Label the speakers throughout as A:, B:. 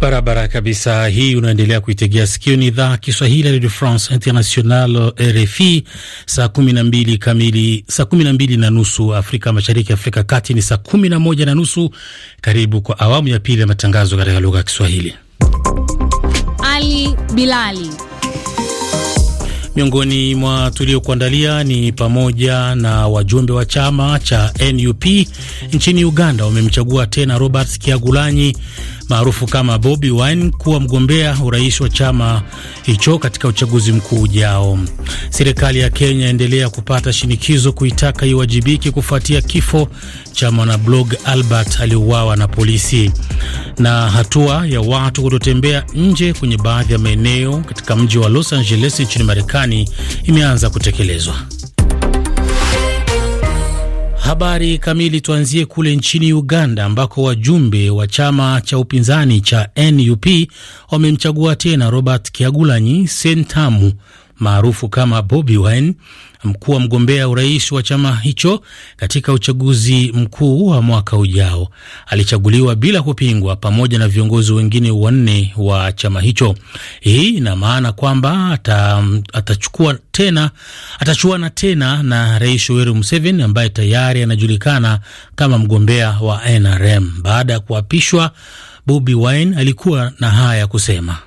A: Barabara kabisa, hii unaendelea kuitegea sikio. Ni idhaa Kiswahili ya Radio France International, RFI. Saa kumi na mbili kamili, saa kumi na mbili na nusu Afrika Mashariki, Afrika Kati ni saa kumi na moja na nusu. Karibu kwa awamu ya pili ya matangazo katika lugha ya Kiswahili.
B: Ali Bilali
A: miongoni mwa tuliokuandalia ni pamoja na wajumbe wa chama cha NUP nchini Uganda wamemchagua tena Robert kiagulanyi maarufu kama Bobi Wine kuwa mgombea urais wa chama hicho katika uchaguzi mkuu ujao. Serikali ya Kenya endelea kupata shinikizo kuitaka iwajibiki kufuatia kifo cha mwanablog Albert aliuawa na polisi. Na hatua ya watu kutotembea nje kwenye baadhi ya maeneo katika mji wa Los Angeles nchini Marekani imeanza kutekelezwa. Habari kamili, tuanzie kule nchini Uganda ambako wajumbe wa chama cha upinzani cha NUP wamemchagua tena Robert Kyagulanyi Sentamu maarufu kama Bobi Wine mkuu wa mgombea urais wa chama hicho katika uchaguzi mkuu wa mwaka ujao. Alichaguliwa bila kupingwa pamoja na viongozi wengine wanne wa chama hicho. Hii ina maana kwamba ata, atachukua tena atachuana tena na Rais Yoweri Museveni ambaye tayari anajulikana kama mgombea wa NRM. Baada ya kuapishwa, Bobi Wine alikuwa na haya ya kusema.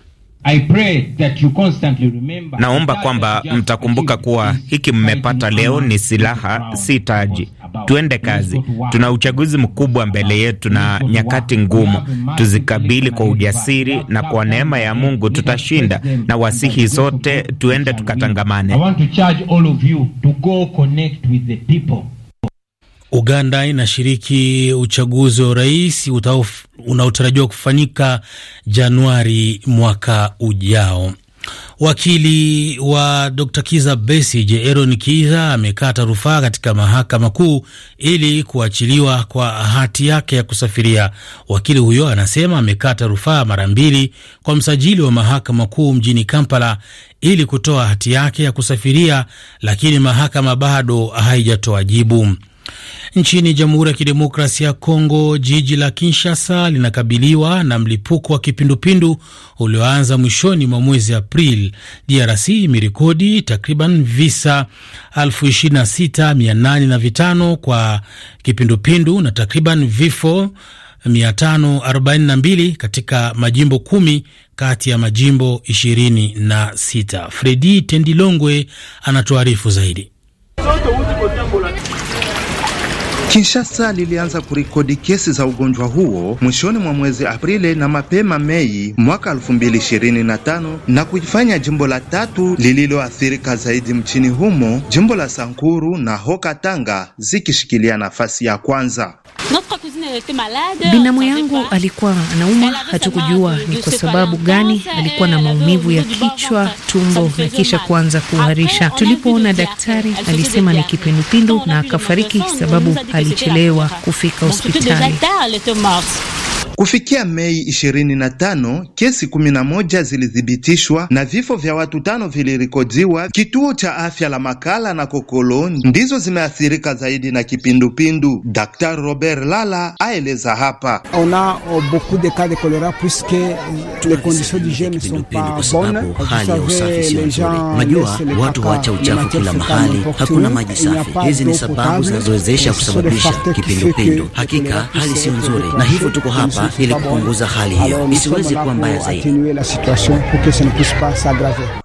A: I pray that you constantly remember.
B: Naomba kwamba mtakumbuka kuwa hiki mmepata leo ni silaha, si taji. Tuende kazi, tuna uchaguzi mkubwa mbele yetu na nyakati ngumu, tuzikabili kwa ujasiri, na kwa neema ya Mungu tutashinda. Na wasihi zote, tuende tukatangamane. I
A: want to charge all of you to go connect with the people. Uganda inashiriki uchaguzi wa urais unaotarajiwa kufanyika Januari mwaka ujao. Wakili wa Dr Kiza Besigye Aaron Kiza amekata rufaa katika mahakama kuu ili kuachiliwa kwa hati yake ya kusafiria. Wakili huyo anasema amekata rufaa mara mbili kwa msajili wa mahakama kuu mjini Kampala ili kutoa hati yake ya kusafiria, lakini mahakama bado haijatoa jibu. Nchini Jamhuri ya Kidemokrasia ya Kongo, jiji la Kinshasa linakabiliwa na mlipuko wa kipindupindu ulioanza mwishoni mwa mwezi Aprili. DRC imerekodi takriban visa 26805 kwa kipindupindu na takriban vifo 542 katika majimbo kumi kati ya majimbo 26. Fredi Tendilongwe anatuarifu zaidi.
C: Kinshasa lilianza kurekodi kesi za ugonjwa huo mwishoni mwa mwezi Aprili na mapema Mei mwaka 2025 na kuifanya jimbo la tatu lililoathirika zaidi mchini humo, jimbo la Sankuru na hoka tanga zikishikilia nafasi ya kwanza.
B: Binamu yangu alikuwa anauma, hatukujua ni kwa sababu gani. Eh, alikuwa na maumivu ya kichwa, tumbo
C: na kisha kuanza kuharisha. Tulipoona daktari alisema ni kipindupindu na akafariki sababu alichelewa kufika hospitali. Kufikia Mei 25, kesi 11 zilithibitishwa na vifo vya watu tano vilirikodiwa. Kituo cha afya la Makala na Kokolo ndizo zimeathirika zaidi na kipindupindu. Daktari Robert Lala aeleza hapa. Unajua,
A: watu waacha uchafu kila mahali, hakuna maji safi. Hizi ni sababu zinazowezesha kusababisha kipindupindu. Hakika hali sio nzuri, na hivyo tuko hapa ili kupunguza hali hiyo isiweze kuwa mbaya zaidi.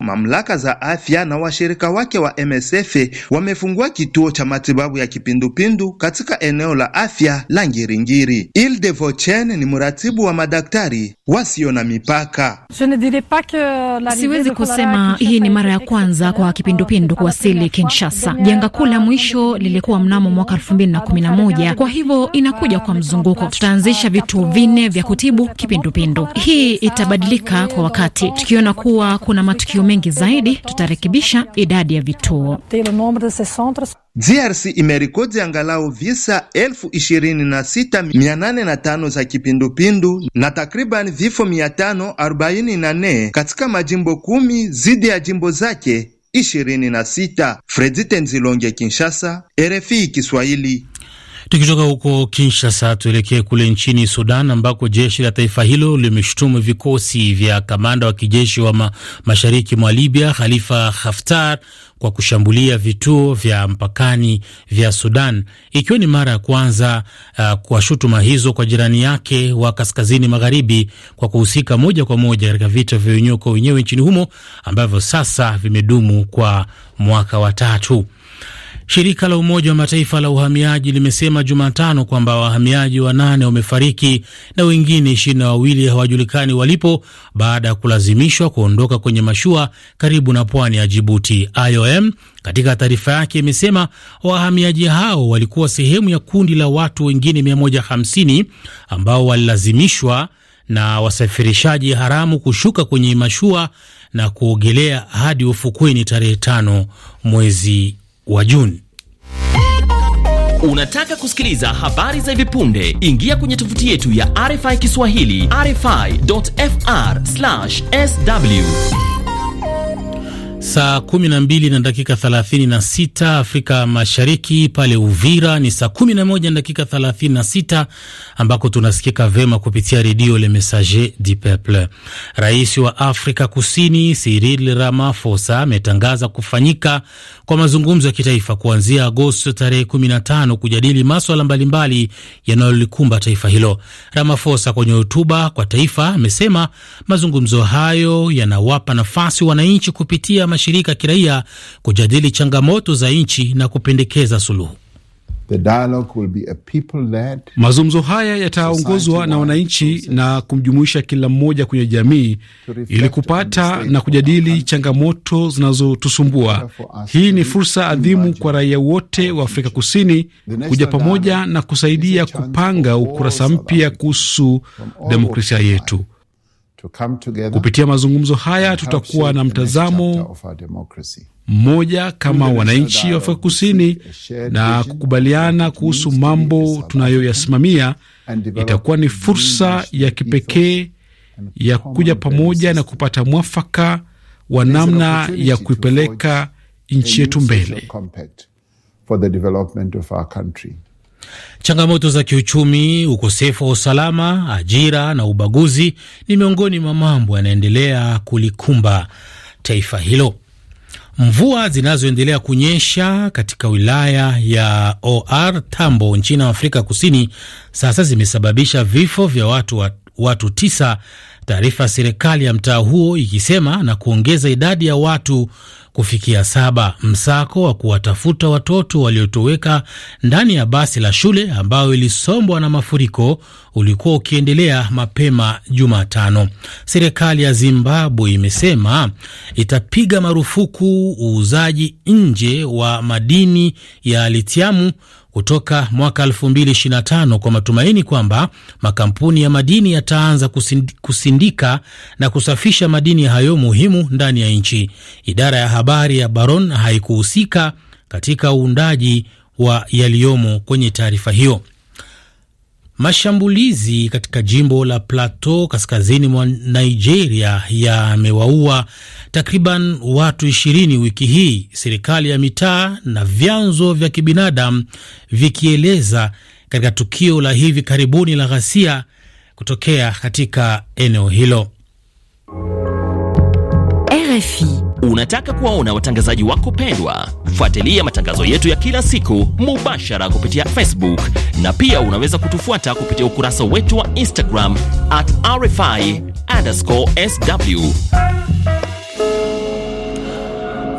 C: Mamlaka za afya na washirika wake wa MSF wamefungua kituo cha matibabu ya kipindupindu katika eneo la afya la Ngiringiri. Ilde Vochen ni mratibu wa madaktari wasio na mipaka.
A: Siwezi kusema hii
B: ni mara ya kwanza kwa kipindupindu kuwasili Kinshasa. Janga kuu la mwisho lilikuwa mnamo mwaka 2011 kwa hivyo inakuja kwa mzunguko. Tutaanzisha vituo vinne vingine vya kutibu kipindupindu. Hii itabadilika kwa wakati. Tukiona kuwa kuna matukio mengi zaidi, tutarekebisha idadi ya vituo.
C: DRC imerekodi angalau visa elfu na za kipindupindu na takriban vifo 544 katika majimbo kumi zidi ya jimbo zake 26 na Fredi Tenzilonge, Kinshasa, RFI Kiswahili.
A: Tukitoka huko Kinshasa, tuelekee kule nchini Sudan ambako jeshi la taifa hilo limeshutumu vikosi vya kamanda wa kijeshi wa ma mashariki mwa Libya Khalifa Haftar kwa kushambulia vituo vya mpakani vya Sudan, ikiwa ni mara ya kwanza uh, kwa shutuma hizo kwa jirani yake wa kaskazini magharibi kwa kuhusika moja kwa moja katika vita vya wenyewe kwa wenyewe nchini humo ambavyo sasa vimedumu kwa mwaka wa tatu. Shirika la Umoja wa Mataifa la uhamiaji limesema Jumatano kwamba wahamiaji wanane wamefariki na wengine ishirini na wawili hawajulikani walipo baada ya kulazimishwa kuondoka kwenye mashua karibu na pwani ya Jibuti. IOM katika taarifa yake imesema wahamiaji hao walikuwa sehemu ya kundi la watu wengine 150 ambao walilazimishwa na wasafirishaji haramu kushuka kwenye mashua na kuogelea hadi ufukweni tarehe tano mwezi wa Juni. Unataka kusikiliza habari za hivi punde? Ingia kwenye tovuti yetu ya RFI Kiswahili, rfi.fr/sw. Saa 12 na dakika 36 Afrika Mashariki, pale Uvira ni saa 11 na dakika 36, ambako tunasikika vema kupitia redio Le Messager du Peuple. Rais wa Afrika Kusini Cyril Ramaphosa ametangaza kufanyika kwa mazungumzo ya kitaifa kuanzia Agosto tarehe 15 kujadili maswala mbalimbali yanayolikumba taifa hilo. ramafosa kwenye hotuba kwa taifa amesema mazungumzo hayo yanawapa nafasi wananchi kupitia mashirika ya kiraia kujadili changamoto za nchi na kupendekeza suluhu. Mazungumzo haya yataongozwa na wananchi na kumjumuisha kila mmoja kwenye jamii ili kupata na kujadili changamoto zinazotusumbua. Hii ni fursa adhimu kwa raia wote wa Afrika Kusini kuja pamoja na kusaidia kupanga ukurasa mpya kuhusu demokrasia yetu.
C: Kupitia mazungumzo haya tutakuwa na mtazamo
A: mmoja kama wananchi wa Afrika Kusini na kukubaliana kuhusu mambo tunayoyasimamia, itakuwa ni fursa ya kipekee ya kuja pamoja na kupata mwafaka wa namna ya kuipeleka nchi yetu mbele. Changamoto za kiuchumi, ukosefu wa usalama, ajira na ubaguzi ni miongoni mwa mambo yanaendelea kulikumba taifa hilo. Mvua zinazoendelea kunyesha katika wilaya ya OR Tambo nchini Afrika Kusini sasa zimesababisha vifo vya watu, watu tisa, taarifa ya serikali ya mtaa huo ikisema na kuongeza idadi ya watu kufikia saba. Msako wa kuwatafuta watoto waliotoweka ndani ya basi la shule ambayo ilisombwa na mafuriko ulikuwa ukiendelea mapema Jumatano. Serikali ya Zimbabwe imesema itapiga marufuku uuzaji nje wa madini ya litiamu kutoka mwaka 2025 kwa matumaini kwamba makampuni ya madini yataanza kusindika na kusafisha madini hayo muhimu ndani ya nchi. Idara ya habari ya Baron haikuhusika katika uundaji wa yaliyomo kwenye taarifa hiyo. Mashambulizi katika jimbo la Plateau kaskazini mwa Nigeria yamewaua takriban watu ishirini wiki hii, serikali ya mitaa na vyanzo vya kibinadamu vikieleza katika tukio la hivi karibuni la ghasia kutokea katika eneo hilo. RFI. Unataka kuwaona watangazaji wako pendwa? Fuatilia matangazo yetu ya kila siku mubashara kupitia Facebook na pia unaweza kutufuata kupitia ukurasa wetu wa Instagram at RFI underscore sw.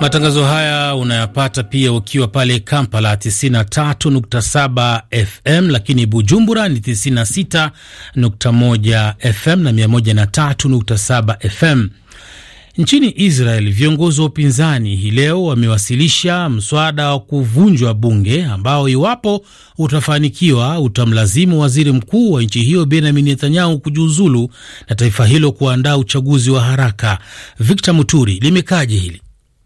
A: Matangazo haya unayapata pia ukiwa pale Kampala 93.7 FM, lakini Bujumbura ni 96.1 FM na 103.7 FM. Nchini Israel, viongozi wa upinzani hii leo wamewasilisha mswada wa kuvunjwa bunge ambao, iwapo utafanikiwa, utamlazimu waziri mkuu wa nchi hiyo benyamin Netanyahu kujiuzulu na taifa hilo kuandaa uchaguzi wa haraka. Victor Muturi, limekaje hili?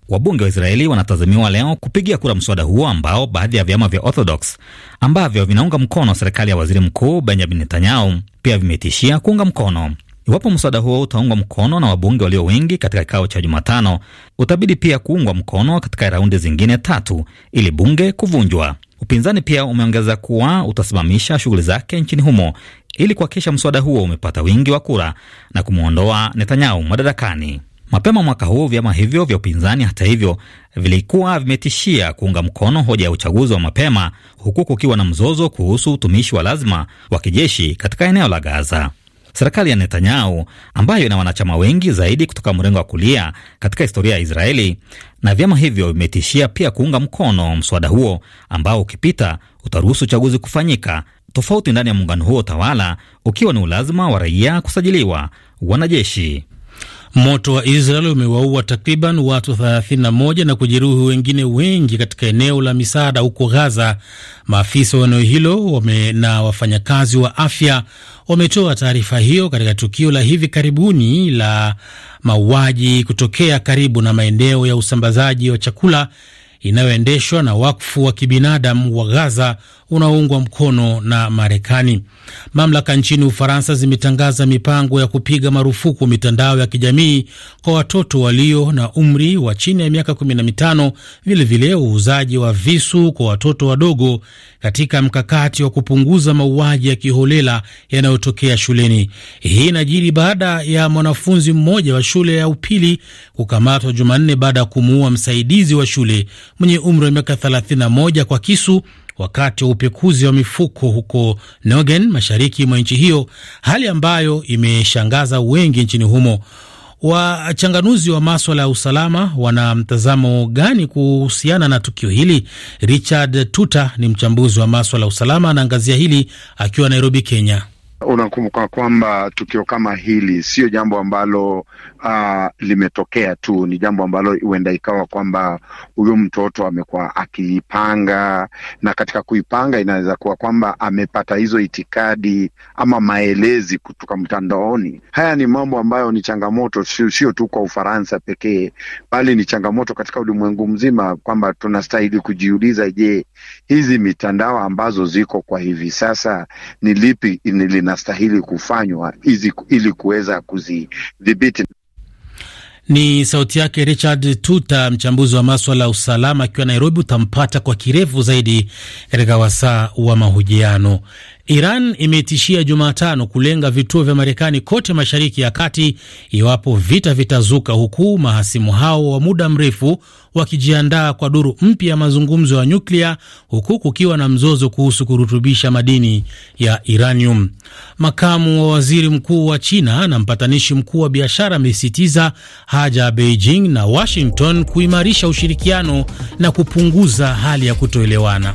B: Wabunge wa Israeli wanatazamiwa leo kupigia kura mswada huo ambao baadhi ya vyama vya Orthodox ambavyo vinaunga mkono serikali ya waziri mkuu benyamin Netanyahu pia vimetishia kuunga mkono. Iwapo mswada huo utaungwa mkono na wabunge walio wengi katika kikao cha Jumatano, utabidi pia kuungwa mkono katika raundi zingine tatu ili bunge kuvunjwa. Upinzani pia umeongeza kuwa utasimamisha shughuli zake nchini humo ili kuhakikisha mswada huo umepata wingi wa kura na kumwondoa Netanyahu madarakani. Mapema mwaka huu vyama hivyo vya upinzani, hata hivyo, vilikuwa vimetishia kuunga mkono hoja ya uchaguzi wa mapema, huku kukiwa na mzozo kuhusu utumishi wa lazima wa kijeshi katika eneo la Gaza. Serikali ya Netanyahu ambayo ina wanachama wengi zaidi kutoka mrengo wa kulia katika historia ya Israeli, na vyama hivyo vimetishia pia kuunga mkono mswada huo ambao ukipita utaruhusu uchaguzi kufanyika tofauti ndani ya muungano huo tawala, ukiwa ni ulazima wa raia
A: kusajiliwa wanajeshi. Moto wa Israel umewaua takriban watu 31 na kujeruhi wengine wengi katika eneo la misaada huko Gaza. Maafisa wa eneo hilo wame na wafanyakazi wa afya wametoa taarifa hiyo katika tukio la hivi karibuni la mauaji kutokea karibu na maeneo ya usambazaji wa chakula inayoendeshwa na wakfu wa kibinadamu wa Gaza unaoungwa mkono na Marekani. Mamlaka nchini Ufaransa zimetangaza mipango ya kupiga marufuku mitandao ya kijamii kwa watoto walio na umri wa chini ya miaka 15, vilevile uuzaji wa visu kwa watoto wadogo katika mkakati wa kupunguza mauaji ya kiholela yanayotokea shuleni. Hii inajiri baada ya mwanafunzi mmoja wa shule ya upili kukamatwa Jumanne baada ya kumuua msaidizi wa shule mwenye umri wa miaka 31 kwa kisu wakati wa upekuzi wa mifuko huko Nogen, mashariki mwa nchi hiyo, hali ambayo imeshangaza wengi nchini humo. Wachanganuzi wa maswala ya usalama wana mtazamo gani kuhusiana na tukio hili? Richard Tuta ni mchambuzi wa maswala ya usalama, anaangazia hili akiwa Nairobi, Kenya. Unakumbuka kwamba tukio kama hili sio jambo ambalo uh, limetokea tu, ni jambo ambalo huenda ikawa kwamba huyo mtoto amekuwa akiipanga, na katika kuipanga inaweza kuwa kwamba amepata hizo itikadi ama maelezi kutoka mtandaoni. Haya ni mambo ambayo ni changamoto, sio tu kwa Ufaransa pekee, bali ni changamoto katika ulimwengu mzima, kwamba tunastahili kujiuliza, je, hizi mitandao ambazo
C: ziko kwa hivi sasa ni lipi nilina zinastahili kufanywa ili kuweza kuzidhibiti.
A: Ni sauti yake Richard Tuta, mchambuzi wa maswala ya usalama, akiwa Nairobi. Utampata kwa kirefu zaidi katika wasaa wa mahojiano. Iran imetishia Jumatano kulenga vituo vya Marekani kote Mashariki ya Kati iwapo vita vitazuka, huku mahasimu hao wa muda mrefu wakijiandaa kwa duru mpya ya mazungumzo ya nyuklia, huku kukiwa na mzozo kuhusu kurutubisha madini ya iranium. Makamu wa waziri mkuu wa China na mpatanishi mkuu wa biashara amesisitiza haja ya Beijing na Washington
C: kuimarisha ushirikiano na kupunguza hali ya kutoelewana.